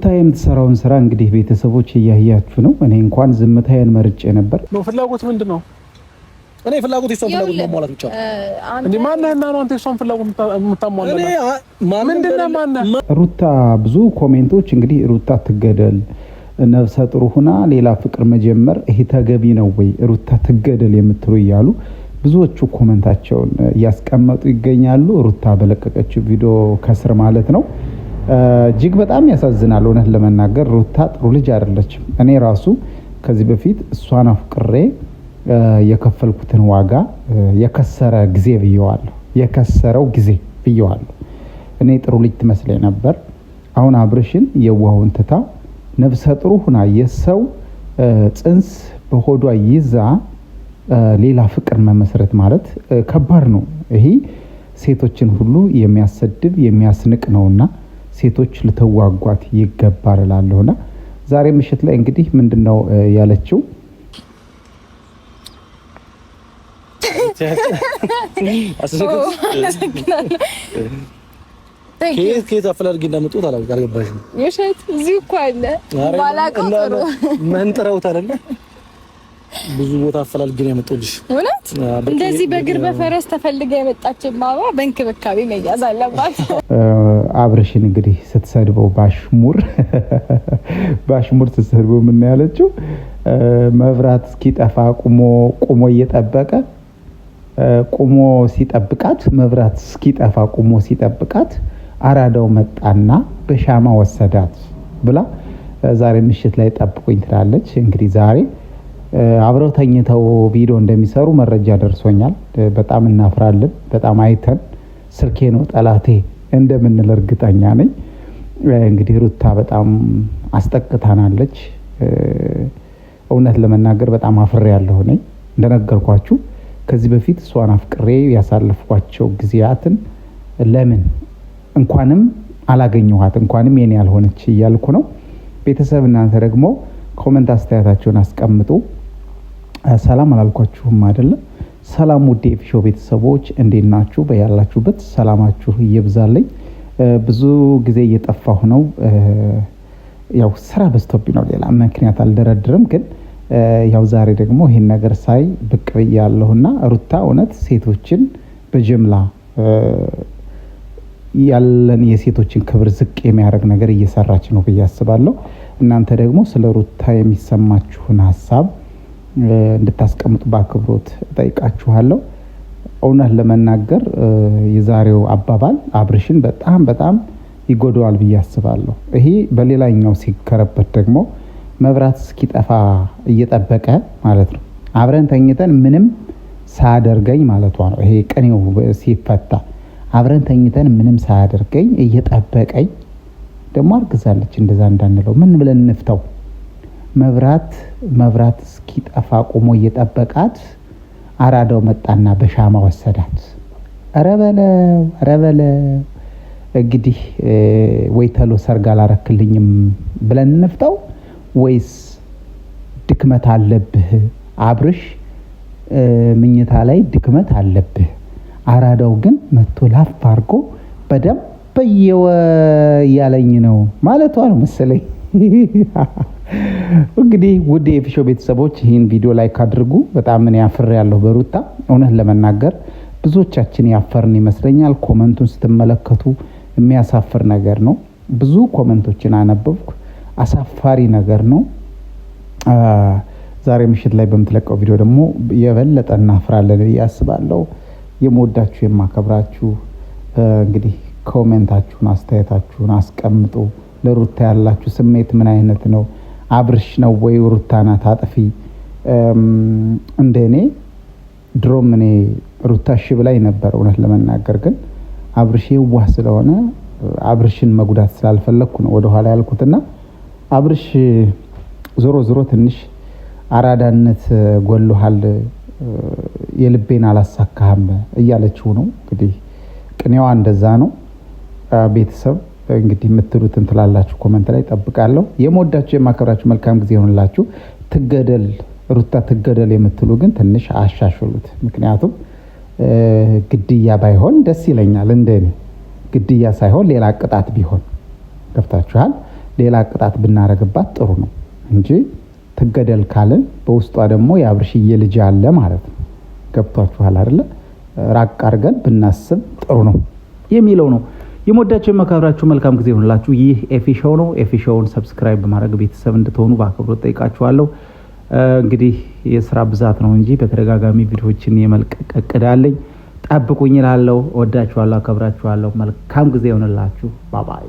ሩታ የምትሰራውን ስራ እንግዲህ ቤተሰቦች እያያችሁ ነው። እኔ እንኳን ዝምታዬን መርጬ ነበር። ፍላጎት ምንድን ነው? እኔ ፍላጎት የሷን ፍላጎት ማሟላት ብቻ እንዴ? ማነህ ነው አንተ የሷን ፍላጎት ማነህ? ሩታ ብዙ ኮሜንቶች እንግዲህ ሩታ ትገደል ነፍሰ ጥሩ ሁና ሌላ ፍቅር መጀመር ይሄ ተገቢ ነው ወይ? ሩታ ትገደል የምትሉ እያሉ ብዙዎቹ ኮመንታቸውን እያስቀመጡ ይገኛሉ። ሩታ በለቀቀችው ቪዲዮ ከስር ማለት ነው እጅግ በጣም ያሳዝናል። እውነት ለመናገር ሩታ ጥሩ ልጅ አይደለችም። እኔ ራሱ ከዚህ በፊት እሷን አፍቅሬ የከፈልኩትን ዋጋ የከሰረ ጊዜ ብየዋለሁ። የከሰረው ጊዜ ብየዋለሁ። እኔ ጥሩ ልጅ ትመስለኝ ነበር። አሁን አብርሽን የዋሁን ትታ ነፍሰ ጥሩ ሁና የሰው ጽንስ በሆዷ ይዛ ሌላ ፍቅር መመስረት ማለት ከባድ ነው። ይሄ ሴቶችን ሁሉ የሚያሰድብ የሚያስንቅ ነውና ሴቶች ልተዋጓት ይገባል እላለሁና ዛሬ ምሽት ላይ እንግዲህ ምንድን ነው ያለችው? ከየት ከየት አፈላልጌ እንዳመጡት አላውቅም። አልገባሽም? የውሸት እዚሁ እኮ አለ ባላቀው ጥሩ መንጥረውት አይደለ ብዙ ቦታ አፈላልግ ነው የመጣሁልሽ። እውነት እንደዚህ በእግር በፈረስ ተፈልገ የመጣች ማባ በእንክብካቤ መያዝ አለባት። አብረሽን እንግዲህ ስትሰድበው ባሽሙር ባሽሙር ስትሰድበው ምን ያለችው መብራት እስኪጠፋ ቁሞ ቁሞ እየጠበቀ ቁሞ ሲጠብቃት መብራት እስኪጠፋ ቁሞ ሲጠብቃት አራዳው መጣና በሻማ ወሰዳት ብላ ዛሬ ምሽት ላይ ጠብቁኝ ትላለች። እንግዲህ ዛሬ አብረው ተኝተው ቪዲዮ እንደሚሰሩ መረጃ ደርሶኛል። በጣም እናፍራለን። በጣም አይተን ስልኬ ነው ጠላቴ እንደምንል እርግጠኛ ነኝ። እንግዲህ ሩታ በጣም አስጠቅታናለች። እውነት ለመናገር በጣም አፍሬ ያለሁ ነኝ። እንደነገርኳችሁ ከዚህ በፊት እሷን አፍቅሬ ያሳለፍኳቸው ጊዜያትን ለምን እንኳንም አላገኘኋት እንኳንም የኔ ያልሆነች እያልኩ ነው። ቤተሰብ እናንተ ደግሞ ኮመንት አስተያየታቸውን አስቀምጡ። ሰላም አላልኳችሁም አይደለም? ሰላም ውድ የኤፊሾ ቤተሰቦች እንዴት ናችሁ? በያላችሁበት ሰላማችሁ እየብዛለኝ። ብዙ ጊዜ እየጠፋሁ ነው። ያው ስራ በዝቶብኝ ነው። ሌላ ምክንያት አልደረድርም። ግን ያው ዛሬ ደግሞ ይህን ነገር ሳይ ብቅ ብያለሁና ሩታ እውነት ሴቶችን በጅምላ ያለን የሴቶችን ክብር ዝቅ የሚያደርግ ነገር እየሰራች ነው ብዬ አስባለሁ። እናንተ ደግሞ ስለ ሩታ የሚሰማችሁን ሀሳብ እንድታስቀምጡ በአክብሮት ጠይቃችኋለሁ እውነት ለመናገር የዛሬው አባባል አብርሽን በጣም በጣም ይጎደዋል ብዬ አስባለሁ። ይሄ በሌላኛው ሲከረበት ደግሞ መብራት እስኪጠፋ እየጠበቀ ማለት ነው አብረን ተኝተን ምንም ሳያደርገኝ ማለቷ ነው። ይሄ ቅኔው ሲፈታ አብረን ተኝተን ምንም ሳያደርገኝ እየጠበቀኝ ደግሞ አርግዛለች። እንደዛ እንዳንለው ምን ብለን እንፍታው? መብራት መብራት እስኪጠፋ ቆሞ እየጠበቃት አራዳው መጣና በሻማ ወሰዳት። ኧረ በለው እንግዲህ ወይ ተሎ ሰርግ አላረክልኝም ብለን እንፍጠው ወይስ ድክመት አለብህ አብርሽ ምኝታ ላይ ድክመት አለብህ። አራዳው ግን መቶ ላፍ አርጎ በደንብ እያለኝ ነው ማለቷ ነው መሰለኝ። እንግዲህ ውድ የፊሾ ቤተሰቦች ይህን ቪዲዮ ላይ ካድርጉ በጣም ምን አፍር ያለሁ በሩታ እውነት ለመናገር ብዙዎቻችን ያፈርን ይመስለኛል። ኮመንቱን ስትመለከቱ የሚያሳፍር ነገር ነው። ብዙ ኮመንቶችን አነበብኩ። አሳፋሪ ነገር ነው። ዛሬ ምሽት ላይ በምትለቀው ቪዲዮ ደግሞ የበለጠ እናፍራለን ብዬ አስባለሁ። የማከብራችሁ እንግዲህ ኮሜንታችሁን አስተያየታችሁን አስቀምጡ። ለሩታ ያላችሁ ስሜት ምን አይነት ነው? አብርሽ ነው ወይ ሩታ ናት አጥፊ? እንደ እኔ ድሮም እኔ ሩታ እሺ ብላኝ ነበር። እውነት ለመናገር ግን አብርሽ የዋህ ስለሆነ አብርሽን መጉዳት ስላልፈለግኩ ነው ወደኋላ ያልኩትና አብርሽ ዞሮ ዞሮ ትንሽ አራዳነት ጎልሃል፣ የልቤን አላሳካህም እያለችው ነው። እንግዲህ ቅኔዋ እንደዛ ነው ቤተሰብ እንግዲህ የምትሉትን ትላላችሁ። ኮመንት ላይ ጠብቃለሁ። የመወዳችሁ የማከብራችሁ፣ መልካም ጊዜ ይሆንላችሁ። ትገደል ሩታ ትገደል የምትሉ ግን ትንሽ አሻሽሉት። ምክንያቱም ግድያ ባይሆን ደስ ይለኛል። እንደ ግድያ ሳይሆን ሌላ ቅጣት ቢሆን ገብታችኋል። ሌላ ቅጣት ብናረግባት ጥሩ ነው እንጂ ትገደል ካልን በውስጧ ደግሞ የአብርሽዬ ልጅ አለ ማለት ነው። ገብቷችኋል አይደለ? ራቅ አድርገን ብናስብ ጥሩ ነው የሚለው ነው። የምወዳቸው የማከብራችሁ መልካም ጊዜ ይሆንላችሁ። ይህ ኤፊሾው ነው። ኤፊሾውን ሰብስክራይብ በማድረግ ቤተሰብ እንድትሆኑ በአክብሮት ጠይቃችኋለሁ። እንግዲህ የስራ ብዛት ነው እንጂ በተደጋጋሚ ቪዲዮዎችን የመልቀቅ እቅድ አለኝ። ጠብቁኝ እላለሁ። ወዳችኋለሁ፣ አከብራችኋለሁ። መልካም ጊዜ ሆንላችሁ። ባባይ